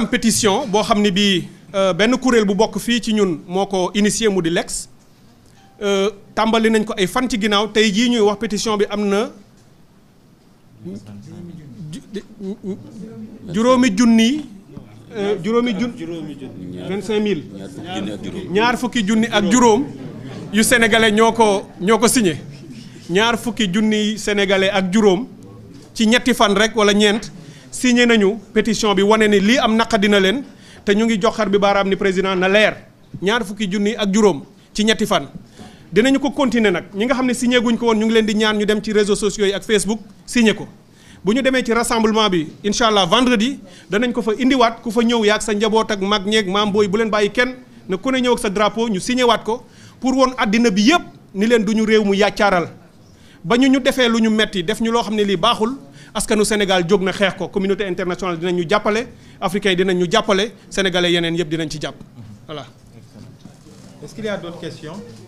am boo xam ne bii euh, benn kuréel bu bokk fii ci ñun moo ko initié mu di lex euh, tàmbali nañ ko ay fan ci ginnaaw tey jii ñuy wax pétition bi am na juróomi junni euh, juróomi jun ñaar fukki junni ak juróom yu sénégalais ñoo ko ñoo ko signé ñaar fukki junni sénégalais ak juróom ci ñetti fan rek wala ñeent signé nañu pétition bi wane ni lii am naqadi na leen te ñu ngi jox xar bi baaraam ni président na leer ñaar fukki junni ak juróom ci ñetti fan. dinañu ko continuer nag ñi nga xam ne signé guñ ko woon ñu ngi leen di ñaan ñu dem ci réseaux sociaux yi ak Facebook signé ko. bu ñu demee ci rassemblement bi incha allah vendredi danañ ko fa indiwaat ku fa ñëw yaag sa njaboot ak mag ñeeg maam booy bu leen bàyyi kenn ne ku ne ñëw ak sa drapeau ñu signé waat ko pour woon addina bi yëpp ni leen du ñu réew mu yàccaaral ba ñu ñu defee lu ñu metti def ñu loo xam ne lii baaxul. askanu Sénégal jóg na xeex ko communauté internationale dinañ ñu jàppale africains yi dinañ ñu jàppale sénégalais yeneen yëpp dinañ ci jàpp voilà. Est-ce